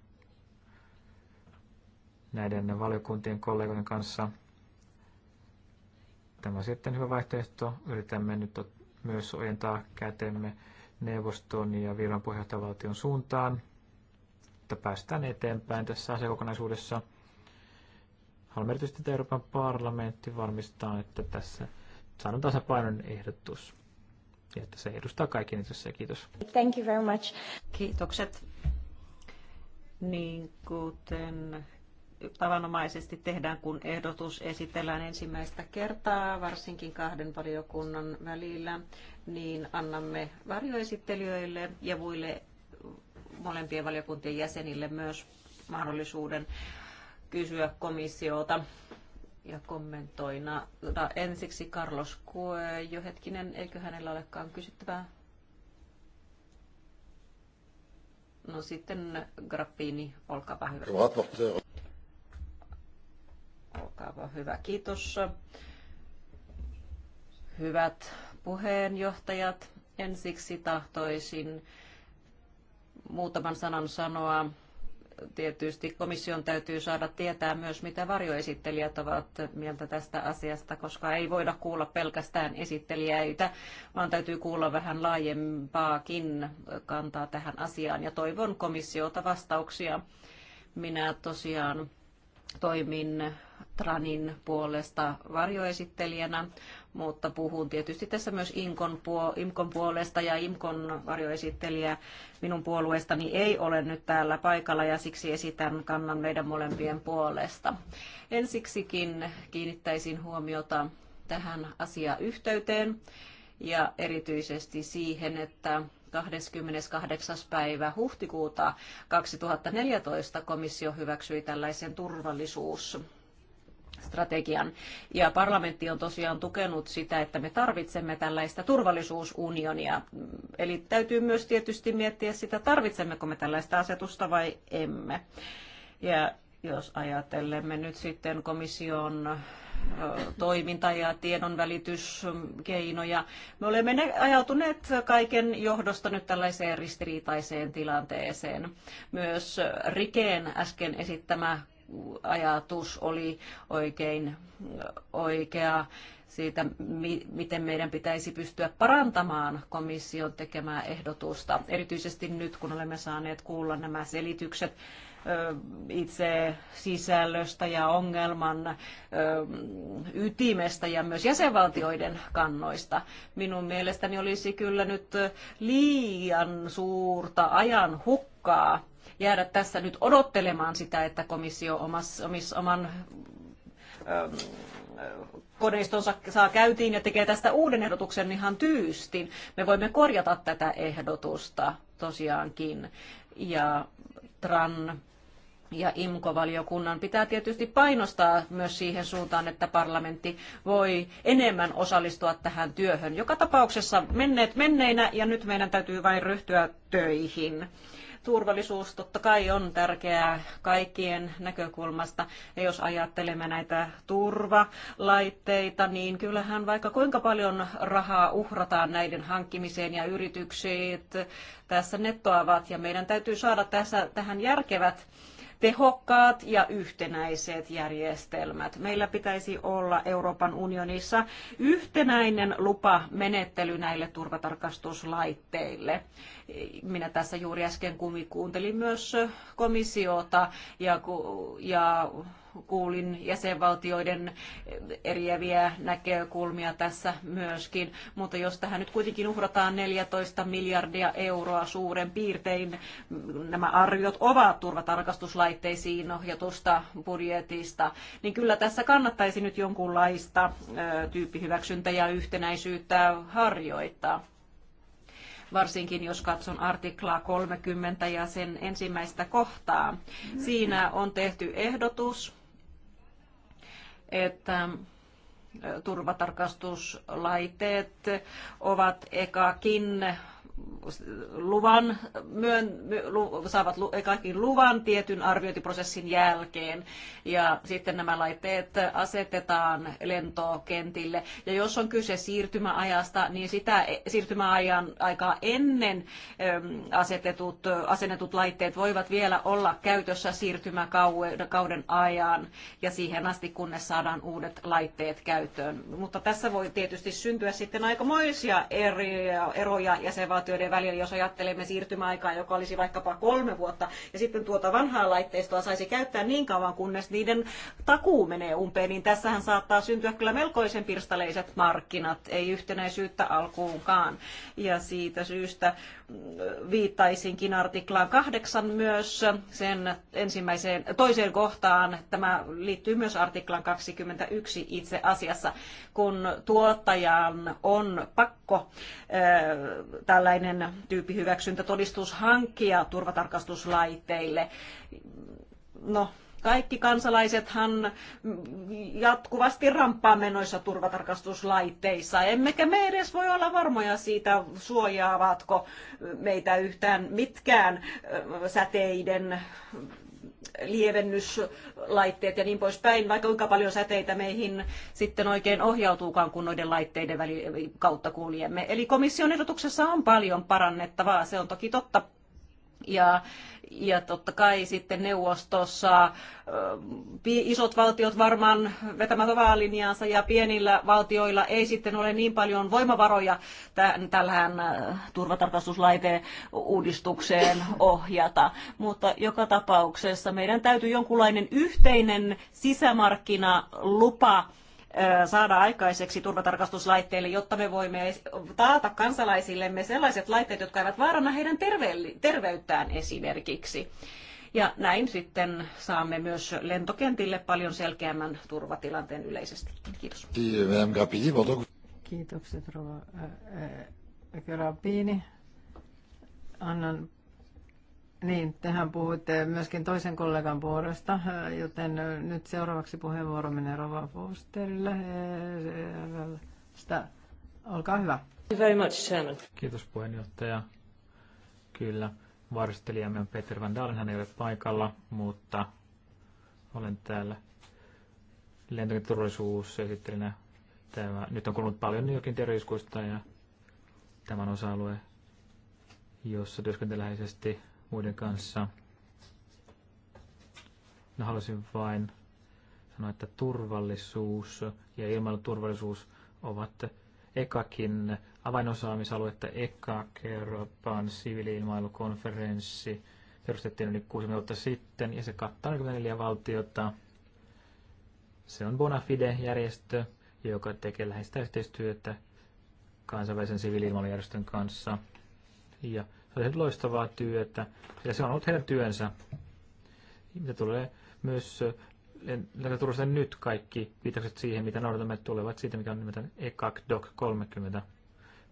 Speaker 1: näiden valiokuntien kollegoiden kanssa. Tämä on sitten hyvä vaihtoehto. Yritämme nyt myös ojentaa kätemme neuvoston ja Viron puheenjohtajavaltion suuntaan, että päästään eteenpäin tässä asiakokonaisuudessa. Haluamme erityisesti, että Euroopan parlamentti varmistaa, että tässä saadaan tasapainon ehdotus ja että se edustaa kaikkien intressejä. Kiitos.
Speaker 2: Thank you very much. Kiitokset. Niin kuten tavanomaisesti tehdään, kun ehdotus esitellään ensimmäistä kertaa, varsinkin kahden valiokunnan välillä, niin annamme varjoesittelijöille ja muille molempien valiokuntien jäsenille myös mahdollisuuden kysyä komissiota ja kommentoina. Ensiksi Carlos jo hetkinen, eikö hänellä olekaan kysyttävää? No sitten Grappini, olkaapa hyvä. Olkaapa hyvä, kiitos. Hyvät puheenjohtajat, ensiksi tahtoisin muutaman sanan sanoa tietysti komission täytyy saada tietää myös, mitä varjoesittelijät ovat mieltä tästä asiasta, koska ei voida kuulla pelkästään esittelijäitä, vaan täytyy kuulla vähän laajempaakin kantaa tähän asiaan. Ja toivon komissiota vastauksia. Minä tosiaan toimin Tranin puolesta varjoesittelijänä mutta puhun tietysti tässä myös Inkon, puo, Imkon puolesta ja Imkon varjoesittelijä minun puolueestani ei ole nyt täällä paikalla ja siksi esitän kannan meidän molempien puolesta. Ensiksikin kiinnittäisin huomiota tähän asiayhteyteen ja erityisesti siihen, että 28. päivä huhtikuuta 2014 komissio hyväksyi tällaisen turvallisuus strategian. Ja parlamentti on tosiaan tukenut sitä, että me tarvitsemme tällaista turvallisuusunionia. Eli täytyy myös tietysti miettiä sitä, tarvitsemmeko me tällaista asetusta vai emme. Ja jos ajatellemme nyt sitten komission toiminta- ja tiedonvälityskeinoja. Me olemme ajautuneet kaiken johdosta nyt tällaiseen ristiriitaiseen tilanteeseen. Myös Rikeen äsken esittämä ajatus oli oikein oikea siitä, miten meidän pitäisi pystyä parantamaan komission tekemää ehdotusta. Erityisesti nyt, kun olemme saaneet kuulla nämä selitykset itse sisällöstä ja ongelman ytimestä ja myös jäsenvaltioiden kannoista. Minun mielestäni olisi kyllä nyt liian suurta ajan hukkaa jäädä tässä nyt odottelemaan sitä, että komissio omas, omis, oman ähm, koneistonsa saa käytiin ja tekee tästä uuden ehdotuksen niin ihan tyystin. Me voimme korjata tätä ehdotusta tosiaankin. Ja TRAN ja IMKO-valiokunnan pitää tietysti painostaa myös siihen suuntaan, että parlamentti voi enemmän osallistua tähän työhön. Joka tapauksessa menneet menneinä ja nyt meidän täytyy vain ryhtyä töihin. Turvallisuus totta kai on tärkeää kaikkien näkökulmasta. Ja jos ajattelemme näitä turvalaitteita, niin kyllähän vaikka kuinka paljon rahaa uhrataan näiden hankkimiseen ja yritykset tässä nettoavat. Ja meidän täytyy saada tässä, tähän järkevät tehokkaat ja yhtenäiset järjestelmät. Meillä pitäisi olla Euroopan unionissa yhtenäinen lupamenettely näille turvatarkastuslaitteille. Minä tässä juuri äsken kuuntelin myös komissiota ja, ku, ja kuulin jäsenvaltioiden eriäviä näkökulmia tässä myöskin. Mutta jos tähän nyt kuitenkin uhrataan 14 miljardia euroa suuren piirtein, nämä arviot ovat turvatarkastuslaitteisiin ohjatusta budjetista, niin kyllä tässä kannattaisi nyt jonkunlaista tyyppihyväksyntä ja yhtenäisyyttä harjoittaa varsinkin jos katson artiklaa 30 ja sen ensimmäistä kohtaa. Siinä on tehty ehdotus, että turvatarkastuslaitteet ovat ekakin luvan, myön, lu, saavat lu, kaikki luvan tietyn arviointiprosessin jälkeen ja sitten nämä laitteet asetetaan lentokentille. Ja jos on kyse siirtymäajasta, niin sitä e, siirtymäajan aikaa ennen asetetut, asennetut laitteet voivat vielä olla käytössä siirtymäkauden ajan ja siihen asti, kunnes saadaan uudet laitteet käyttöön. Mutta tässä voi tietysti syntyä sitten aikamoisia eri, eroja ja se vaatii jäsenvaltioiden välillä, jos ajattelemme siirtymäaikaa, joka olisi vaikkapa kolme vuotta, ja sitten tuota vanhaa laitteistoa saisi käyttää niin kauan, kunnes niiden takuu menee umpeen, niin tässähän saattaa syntyä kyllä melkoisen pirstaleiset markkinat, ei yhtenäisyyttä alkuunkaan. Ja siitä syystä mm, viittaisinkin artiklaan kahdeksan myös sen ensimmäiseen, toiseen kohtaan. Tämä liittyy myös artiklaan 21 itse asiassa, kun tuottajan on pakko äh, tällä tällainen tyyppihyväksyntätodistus hankkia turvatarkastuslaitteille. No, kaikki kansalaisethan jatkuvasti ramppaa menoissa turvatarkastuslaitteissa, emmekä me edes voi olla varmoja siitä, suojaavatko meitä yhtään mitkään säteiden lievennyslaitteet ja niin poispäin, vaikka kuinka paljon säteitä meihin sitten oikein ohjautuukaan kun noiden laitteiden väli, kautta kuljemme. Eli komission ehdotuksessa on paljon parannettavaa, se on toki totta. Ja, ja totta kai sitten neuvostossa isot valtiot varmaan vetämät ovaa linjaansa ja pienillä valtioilla ei sitten ole niin paljon voimavaroja tällään turvatarkastuslaiteen uudistukseen ohjata. Mutta joka tapauksessa meidän täytyy jonkunlainen yhteinen sisämarkkinalupa lupa saada aikaiseksi turvatarkastuslaitteille, jotta me voimme taata kansalaisillemme sellaiset laitteet, jotka eivät vaaranna heidän terveyttään esimerkiksi. Ja näin sitten saamme myös lentokentille paljon selkeämmän turvatilanteen yleisesti. Kiitos. Kiitokset,
Speaker 3: Rova Grappini. Annan niin, tehän puhuitte myöskin toisen kollegan puolesta, joten nyt seuraavaksi puheenvuoro menee Rova Fosterille. Sitä, olkaa hyvä. Very much, Chairman.
Speaker 1: Kiitos puheenjohtaja. Kyllä, varustelijamme on Peter Van Dalen, hän ei ole paikalla, mutta olen täällä esittelinä. Tämä, nyt on kulunut paljon New Yorkin terroriskuista ja tämän osa-alue, jossa työskentelee läheisesti muiden kanssa. Mä halusin vain sanoa, että turvallisuus ja ilmailuturvallisuus ovat ekakin avainosaamisaluetta. Eka Euroopan siviiliilmailukonferenssi perustettiin yli kuusi vuotta sitten ja se kattaa 44 valtiota. Se on Bonafide järjestö joka tekee läheistä yhteistyötä kansainvälisen siviiliilmailujärjestön kanssa. Ja se tehnyt loistavaa työtä, ja se on ollut heidän työnsä. Mitä tulee myös lentoturvallisuuden nyt kaikki viitokset siihen, mitä noudatamme, tulevat siitä, mikä on nimeltään ECAC DOC 30.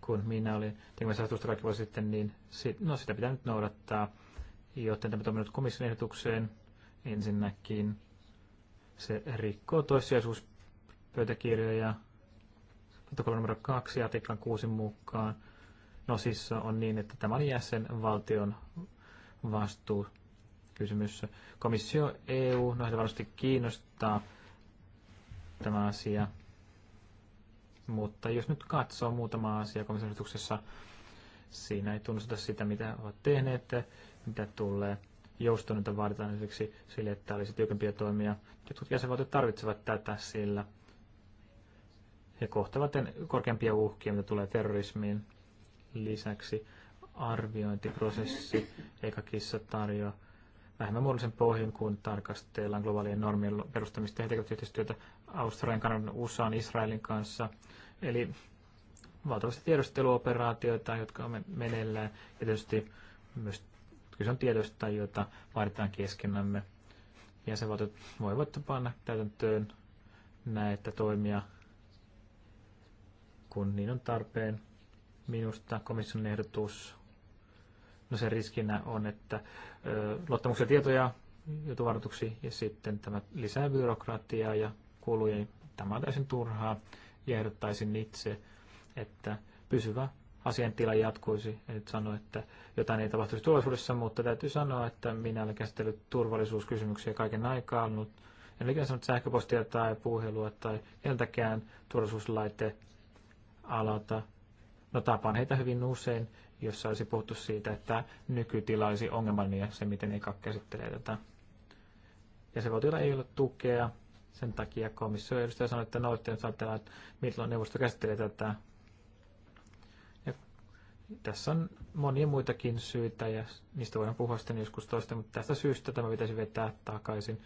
Speaker 1: Kun minä olin tekemässä asetusta kaikki vuosi sitten, niin sit, no, sitä pitää nyt noudattaa, joten tämä toiminut komission ehdotukseen ensinnäkin. Se rikkoo toissijaisuuspöytäkirjoja, protokolo numero 2 ja artiklan 6 mukaan No siis on niin, että tämä oli jäsenvaltion vastuu kysymys. Komissio EU, no heitä varmasti kiinnostaa tämä asia. Mutta jos nyt katsoo muutama asia komissiosituksessa, siinä ei tunnusteta sitä, mitä ovat tehneet, mitä tulee joustonnetta vaaditaan esimerkiksi sille, että olisi tiukempia toimia. Jotkut jäsenvaltiot tarvitsevat tätä sillä he kohtavat korkeampia uhkia, mitä tulee terrorismiin, Lisäksi arviointiprosessi kissa tarjoa vähemmän muodollisen pohjan, kun tarkastellaan globaalien normien perustamista ja tekevät yhteistyötä Australian, Kanadan, USAan, Israelin kanssa. Eli valtavasti tiedusteluoperaatioita, jotka on meneillään ja tietysti myös kyse on tiedosta, jota vaaditaan keskenämme. Jäsenvaltiot voivat panna täytäntöön näitä toimia, kun niin on tarpeen. Minusta komission ehdotus, no sen riskinä on, että luottamuksia tietoja joutuu ja sitten tämä lisää byrokratiaa ja kuluja. Tämä on täysin turhaa ja ehdottaisin itse, että pysyvä asiantila jatkuisi. En nyt sano, että jotain ei tapahtuisi tulevaisuudessa, mutta täytyy sanoa, että minä olen käsitellyt turvallisuuskysymyksiä kaiken aikaa. mutta En ole sanonut sähköpostia tai puhelua tai keneltäkään turvallisuuslaite alalta No tapaan heitä hyvin usein, jossa olisi puhuttu siitä, että nykytila olisi ongelmallinen ja se, miten EKA käsittelee tätä. Ja se voi ei ole tukea. Sen takia komissio edustaja sanoi, että no, että ajatellaan, että milloin neuvosto käsittelee tätä. Ja tässä on monia muitakin syitä ja niistä voidaan puhua sitten joskus toista, mutta tästä syystä tämä pitäisi vetää takaisin.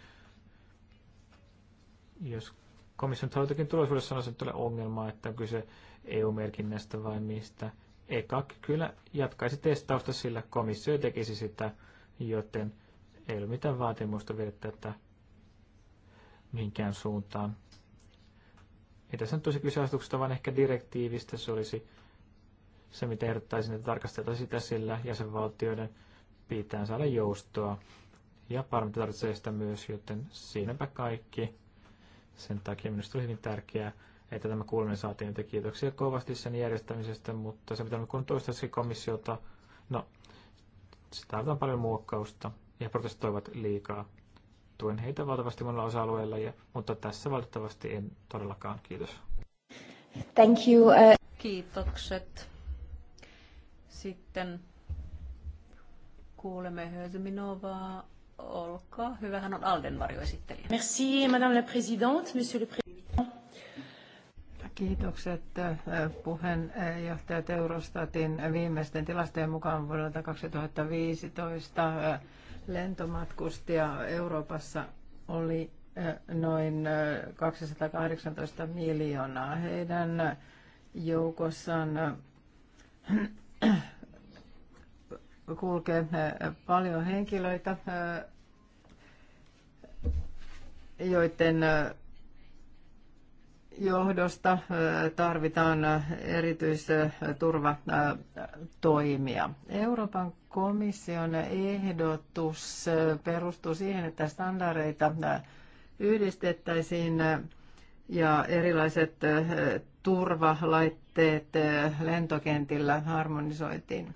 Speaker 1: Jos Komission toivotakin tulosuudessa sanoisi, että tulee ongelmaa, että on kyse EU-merkinnästä vai mistä. eka. kyllä jatkaisi testausta, sillä komissio tekisi sitä, joten ei ole mitään vaatimusta viedä tätä mihinkään suuntaan. Ei tässä nyt olisi kyse asetuksesta, vaan ehkä direktiivistä. Se olisi se, mitä ehdottaisin, että tarkasteltaisiin sitä, sillä jäsenvaltioiden pitää saada joustoa. Ja parlamentti tarvitsee sitä myös, joten siinäpä kaikki. Sen takia minusta oli hyvin tärkeää, että tämä kuuleminen saatiin, joten kiitoksia kovasti sen järjestämisestä, mutta se mitä nyt kun toistaiseksi komissiota, no, se tarvitaan paljon muokkausta ja protestoivat liikaa. Tuen heitä valtavasti monella osa alueella ja, mutta tässä valitettavasti en todellakaan. Kiitos.
Speaker 2: Thank you. Uh... Kiitokset. Sitten kuulemme Hösminovaa Olkaa hyvä, hän on Alden varjoesittelijä. Merci, madame
Speaker 3: la présidente, monsieur le président. Kiitokset äh, puheenjohtajat Eurostatin viimeisten tilastojen mukaan vuodelta 2015 äh, lentomatkustia Euroopassa oli äh, noin 218 miljoonaa. Heidän joukossaan kulkee eh, paljon henkilöitä, eh, joiden eh, johdosta tarvitaan erityisturvatoimia. Euroopan komission ehdotus perustuu siihen, että standardeita yhdistettäisiin ja erilaiset turvalaitteet lentokentillä harmonisoitiin.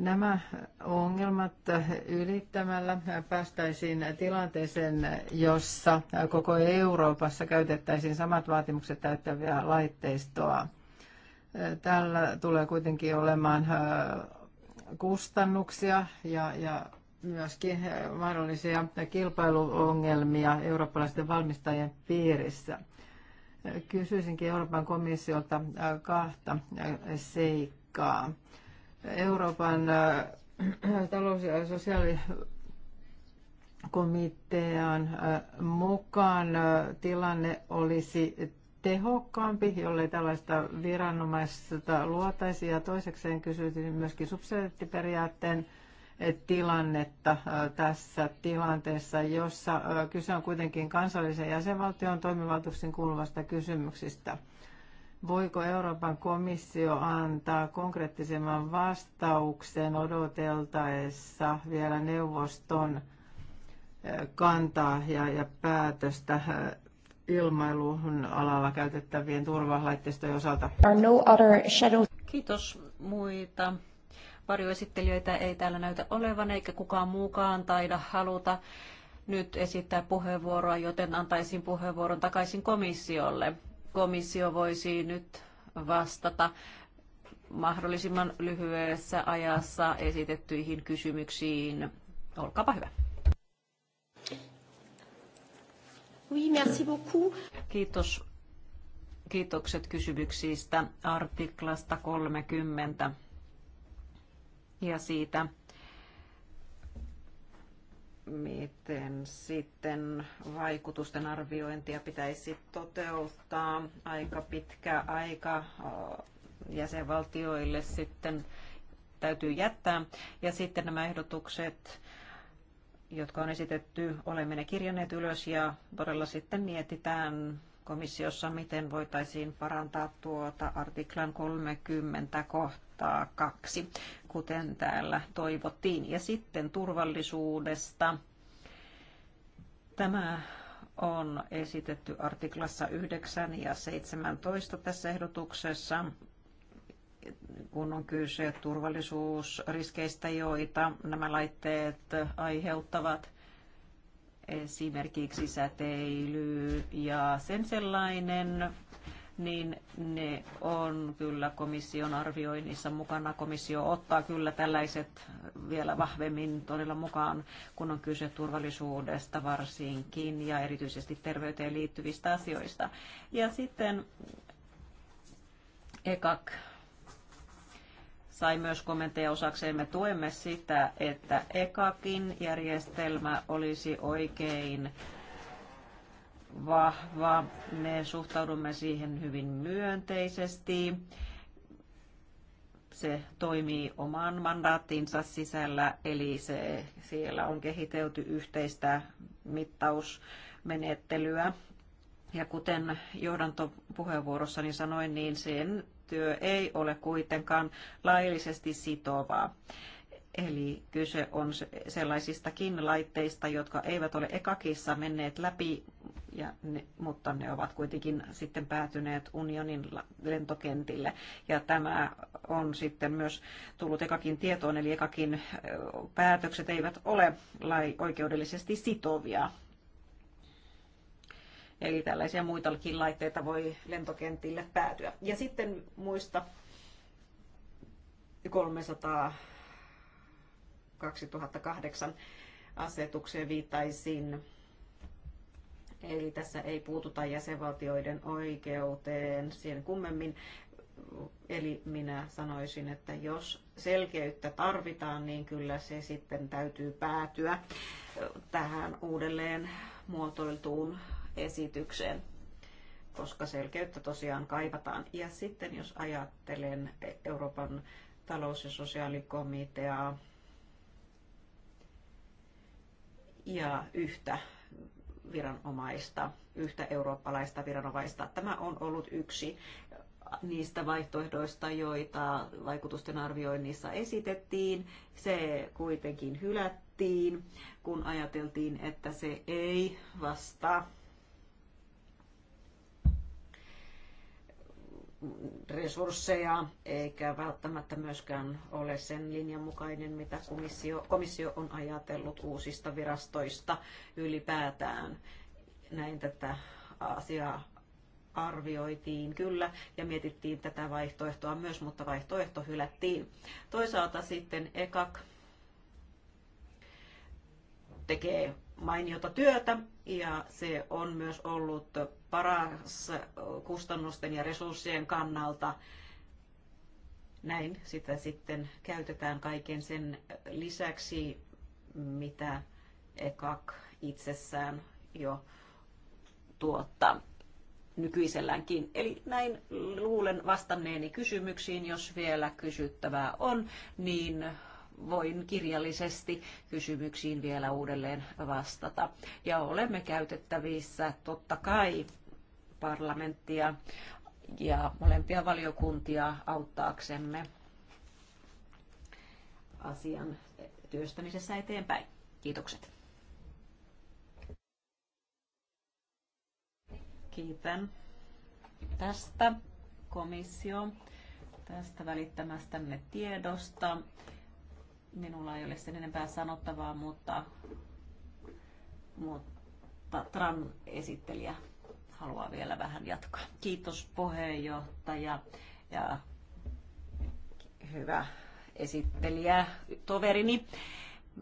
Speaker 3: Nämä ongelmat ylittämällä päästäisiin tilanteeseen, jossa koko Euroopassa käytettäisiin samat vaatimukset täyttäviä laitteistoa. Tällä tulee kuitenkin olemaan kustannuksia ja, ja myöskin mahdollisia kilpailuongelmia eurooppalaisten valmistajien piirissä. Kysyisinkin Euroopan komissiolta kahta seikkaa. Euroopan äh, (clears throat) talous- ja sosiaalikomitean äh, mukaan äh, tilanne olisi tehokkaampi, jollei tällaista viranomaista luotaisi. Ja toisekseen kysyisin myöskin subsidiariteettiperiaatteen tilannetta tässä tilanteessa, jossa kyse on kuitenkin kansallisen jäsenvaltion toimivaltuuksiin kuuluvasta kysymyksistä. Voiko Euroopan komissio antaa konkreettisemman vastauksen odoteltaessa vielä neuvoston eh, kantaa ja, ja päätöstä eh, ilmailun alalla käytettävien turvalaitteistojen osalta?
Speaker 2: No Kiitos muita varjoesittelijöitä ei täällä näytä olevan eikä kukaan muukaan taida haluta nyt esittää puheenvuoroa, joten antaisin puheenvuoron takaisin komissiolle komissio voisi nyt vastata mahdollisimman lyhyessä ajassa esitettyihin kysymyksiin. Olkaapa hyvä. Oui, merci beaucoup. Kiitos. Kiitokset kysymyksistä artiklasta 30 ja siitä, miten sitten vaikutusten arviointia pitäisi toteuttaa. Aika pitkä aika jäsenvaltioille sitten täytyy jättää. Ja sitten nämä ehdotukset, jotka on esitetty, olemme ne kirjanneet ylös ja todella sitten mietitään komissiossa, miten voitaisiin parantaa tuota artiklan 30 kohtaa kaksi, kuten täällä toivottiin. Ja sitten turvallisuudesta. Tämä on esitetty artiklassa 9 ja 17 tässä ehdotuksessa kun on kyse turvallisuusriskeistä, joita nämä laitteet aiheuttavat, esimerkiksi säteily ja sen sellainen niin ne on kyllä komission arvioinnissa mukana. Komissio ottaa kyllä tällaiset vielä vahvemmin todella mukaan, kun on kyse turvallisuudesta varsinkin ja erityisesti terveyteen liittyvistä asioista. Ja sitten EKAK sai myös kommentteja osakseen. Me tuemme sitä, että EKAKin järjestelmä olisi oikein vahva. Me suhtaudumme siihen hyvin myönteisesti. Se toimii oman mandaattinsa sisällä, eli se, siellä on kehitelty yhteistä mittausmenettelyä. Ja kuten johdantopuheenvuorossani sanoin, niin sen työ ei ole kuitenkaan laillisesti sitovaa. Eli kyse on sellaisistakin laitteista, jotka eivät ole ekakissa menneet läpi, ja ne, mutta ne ovat kuitenkin sitten päätyneet unionin lentokentille. Ja tämä on sitten myös tullut ekakin tietoon, eli ekakin päätökset eivät ole lai oikeudellisesti sitovia. Eli tällaisia muitakin laitteita voi lentokentille päätyä. Ja sitten muista 300 2008 asetukseen viittaisin. Eli tässä ei puututa jäsenvaltioiden oikeuteen sen kummemmin. Eli minä sanoisin, että jos selkeyttä tarvitaan, niin kyllä se sitten täytyy päätyä tähän uudelleen muotoiltuun esitykseen, koska selkeyttä tosiaan kaivataan. Ja sitten jos ajattelen Euroopan talous- ja sosiaalikomiteaa, ja yhtä viranomaista, yhtä eurooppalaista viranomaista. Tämä on ollut yksi niistä vaihtoehdoista, joita vaikutusten arvioinnissa esitettiin. Se kuitenkin hylättiin, kun ajateltiin, että se ei vastaa resursseja, eikä välttämättä myöskään ole sen linjan mukainen, mitä komissio, komissio on ajatellut uusista virastoista ylipäätään. Näin tätä asiaa arvioitiin kyllä ja mietittiin tätä vaihtoehtoa myös, mutta vaihtoehto hylättiin. Toisaalta sitten EKAK tekee mainiota työtä ja se on myös ollut paras kustannusten ja resurssien kannalta. Näin sitä sitten käytetään kaiken sen lisäksi, mitä EKAK itsessään jo tuottaa nykyiselläänkin. Eli näin luulen vastanneeni kysymyksiin. Jos vielä kysyttävää on, niin voin kirjallisesti kysymyksiin vielä uudelleen vastata. Ja olemme käytettävissä totta kai parlamenttia ja molempia valiokuntia auttaaksemme asian työstämisessä eteenpäin. Kiitokset. Kiitän tästä komissio tästä välittämästänne tiedosta Minulla ei ole sen enempää sanottavaa, mutta, mutta Tran esittelijä haluaa vielä vähän jatkaa. Kiitos puheenjohtaja ja hyvä esittelijä, toverini.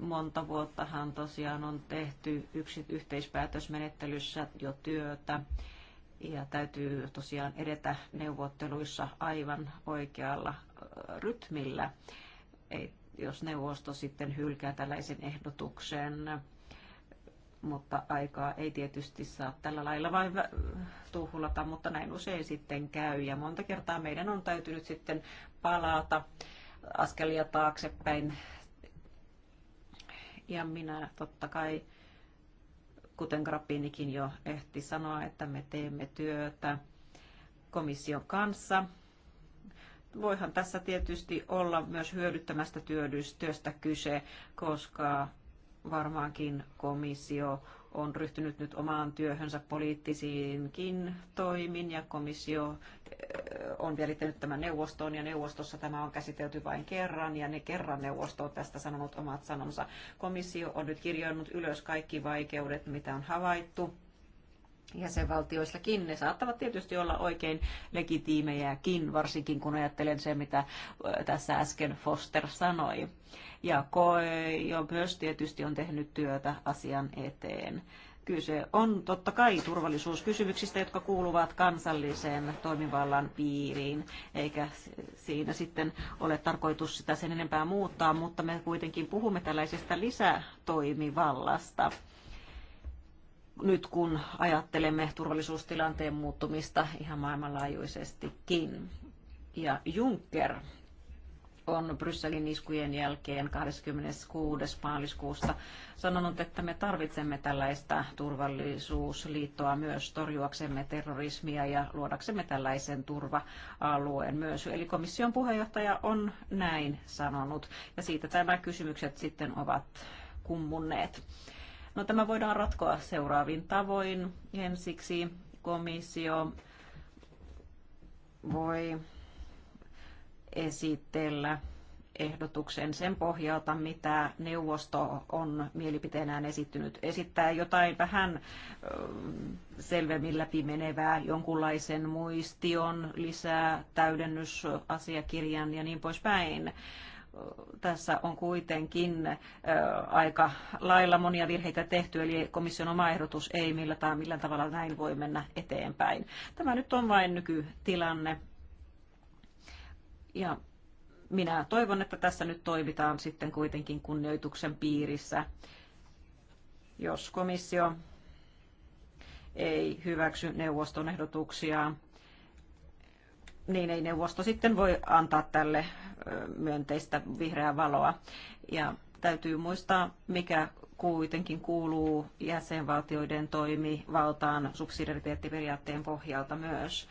Speaker 2: Monta vuottahan tosiaan on tehty yksi yhteispäätösmenettelyssä jo työtä ja täytyy tosiaan edetä neuvotteluissa aivan oikealla rytmillä. Ei jos neuvosto sitten hylkää tällaisen ehdotuksen. Mutta aikaa ei tietysti saa tällä lailla vain tuhulata, mutta näin usein sitten käy. Ja monta kertaa meidän on täytynyt sitten palata askelia taaksepäin. Ja minä totta kai, kuten Grappinikin jo ehti sanoa, että me teemme työtä komission kanssa voihan tässä tietysti olla myös hyödyttämästä työstä kyse, koska varmaankin komissio on ryhtynyt nyt omaan työhönsä poliittisiinkin toimin ja komissio eh, on välittänyt tämän neuvostoon ja neuvostossa tämä on käsitelty vain kerran ja ne kerran neuvosto on tästä sanonut omat sanonsa. Komissio on nyt kirjoinut ylös kaikki vaikeudet, mitä on havaittu jäsenvaltioissakin. Ne saattavat tietysti olla oikein legitiimejäkin, varsinkin kun ajattelen se, mitä tässä äsken Foster sanoi. Ja koe jo myös tietysti on tehnyt työtä asian eteen. Kyse on totta kai turvallisuuskysymyksistä, jotka kuuluvat kansalliseen toimivallan piiriin, eikä siinä sitten ole tarkoitus sitä sen enempää muuttaa, mutta me kuitenkin puhumme tällaisesta lisätoimivallasta nyt kun ajattelemme turvallisuustilanteen muuttumista ihan maailmanlaajuisestikin. Ja Juncker on Brysselin iskujen jälkeen 26. maaliskuusta sanonut, että me tarvitsemme tällaista turvallisuusliittoa myös torjuaksemme terrorismia ja luodaksemme tällaisen turva-alueen myös. Eli komission puheenjohtaja on näin sanonut ja siitä tämä kysymykset sitten ovat kummunneet. No tämä voidaan ratkoa seuraavin tavoin. Ensiksi komissio voi esitellä ehdotuksen sen pohjalta, mitä neuvosto on mielipiteenään esittynyt. Esittää jotain vähän läpi menevää, jonkunlaisen muistion, lisää, täydennysasiakirjan ja niin poispäin tässä on kuitenkin aika lailla monia virheitä tehty, eli komission oma ehdotus ei millä tai millään tavalla näin voi mennä eteenpäin. Tämä nyt on vain nykytilanne. Ja minä toivon, että tässä nyt toimitaan sitten kuitenkin kunnioituksen piirissä. Jos komissio ei hyväksy neuvoston ehdotuksia, niin ei neuvosto sitten voi antaa tälle myönteistä vihreää valoa. Ja täytyy muistaa, mikä kuitenkin kuuluu jäsenvaltioiden toimivaltaan subsidiariteettiperiaatteen pohjalta myös.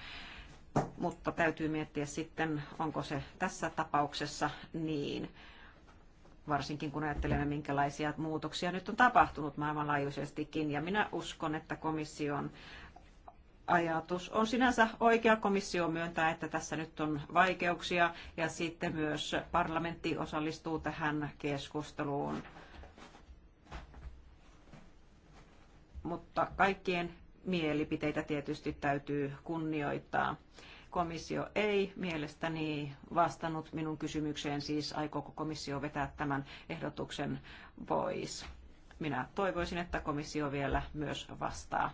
Speaker 2: Mutta täytyy miettiä sitten, onko se tässä tapauksessa niin, varsinkin kun ajattelemme, minkälaisia muutoksia nyt on tapahtunut maailmanlaajuisestikin. Ja minä uskon, että komission ajatus on sinänsä oikea. Komissio myöntää, että tässä nyt on vaikeuksia ja sitten myös parlamentti osallistuu tähän keskusteluun. Mutta kaikkien mielipiteitä tietysti täytyy kunnioittaa. Komissio ei mielestäni vastannut minun kysymykseen, siis aikooko komissio vetää tämän ehdotuksen pois. Minä toivoisin, että komissio vielä myös vastaa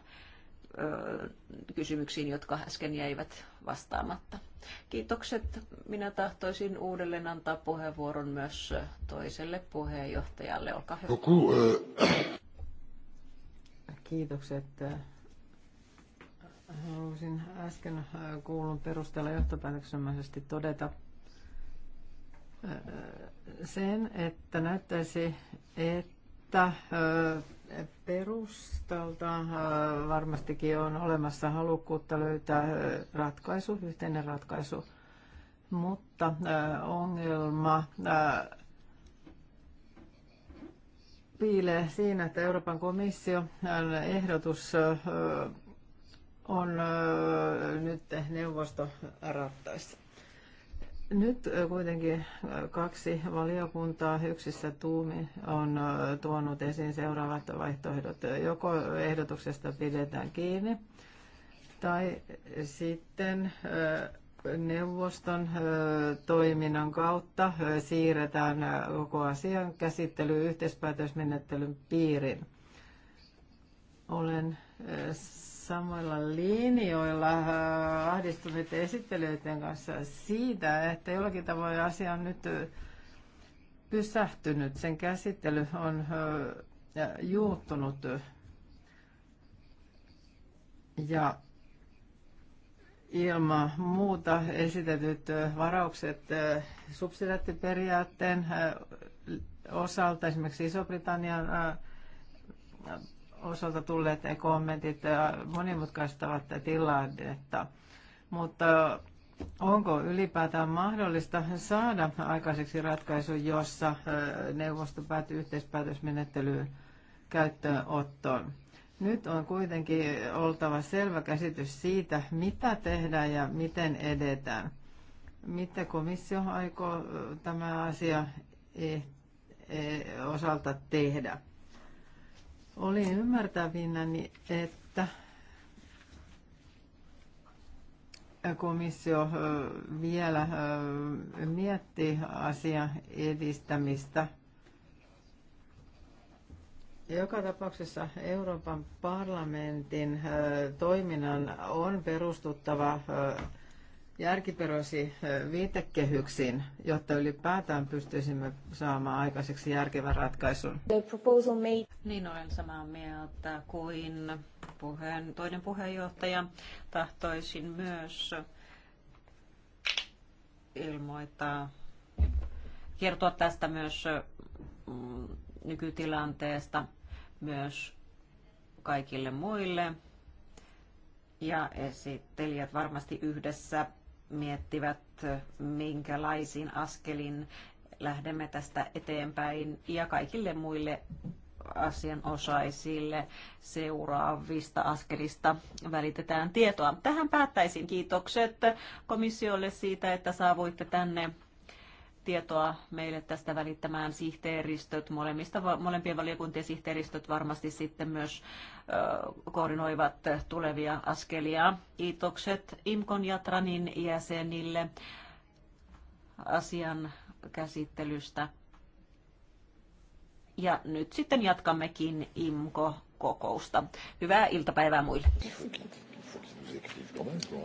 Speaker 2: kysymyksiin, jotka äsken jäivät vastaamatta. Kiitokset. Minä tahtoisin uudelleen antaa puheenvuoron myös toiselle puheenjohtajalle. Olkaa hyvä.
Speaker 3: Kiitokset. Haluaisin äsken kuulun perusteella johtopäätöksemäisesti todeta sen, että näyttäisi, että että perustaltaan varmastikin on olemassa halukkuutta löytää ratkaisu, yhteinen ratkaisu, mutta ongelma piilee siinä, että Euroopan komissio ehdotus on nyt neuvostorattaissa. Nyt kuitenkin kaksi valiokuntaa yksissä tuumi on tuonut esiin seuraavat vaihtoehdot. Joko ehdotuksesta pidetään kiinni tai sitten neuvoston toiminnan kautta siirretään koko asian käsittely yhteispäätösmenettelyn piiriin. Olen samoilla linjoilla äh, ahdistuneiden esittelijöiden kanssa siitä, että jollakin tavoin asia on nyt äh, pysähtynyt, sen käsittely on äh, juuttunut ja ilman muuta esitetyt varaukset subsidiaattiperiaatteen osalta, esimerkiksi Iso-Britannian osalta tulleet kommentit äh, monimutkaistavat tilannetta. Mutta onko ylipäätään mahdollista saada aikaiseksi ratkaisu, jossa äh, neuvosto päätyy yhteispäätösmenettelyyn käyttöönottoon? Nyt on kuitenkin oltava selvä käsitys siitä, mitä tehdään ja miten edetään. Mitä komissio aikoo äh, tämä asia eh, eh, osalta tehdä? Olin ymmärtävinäni, että komissio vielä mietti asian edistämistä. Joka tapauksessa Euroopan parlamentin toiminnan on perustuttava järkiperäisiin viitekehyksiin, jotta ylipäätään pystyisimme saamaan aikaiseksi järkevän ratkaisun.
Speaker 2: Made... Niin olen samaa mieltä kuin puheen, toinen puheenjohtaja. Tahtoisin myös ilmoittaa, kertoa tästä myös mm, nykytilanteesta myös kaikille muille. Ja esittelijät varmasti yhdessä miettivät, minkälaisiin askelin lähdemme tästä eteenpäin ja kaikille muille asianosaisille seuraavista askelista välitetään tietoa. Tähän päättäisin kiitokset komissiolle siitä, että saavuitte tänne tietoa meille tästä välittämään sihteeristöt, molemmista, molempien valiokuntien sihteeristöt varmasti sitten myös koordinoivat tulevia askelia. Kiitokset IMKON ja TRANin jäsenille asian käsittelystä. Ja nyt sitten jatkammekin IMKO-kokousta. Hyvää iltapäivää muille.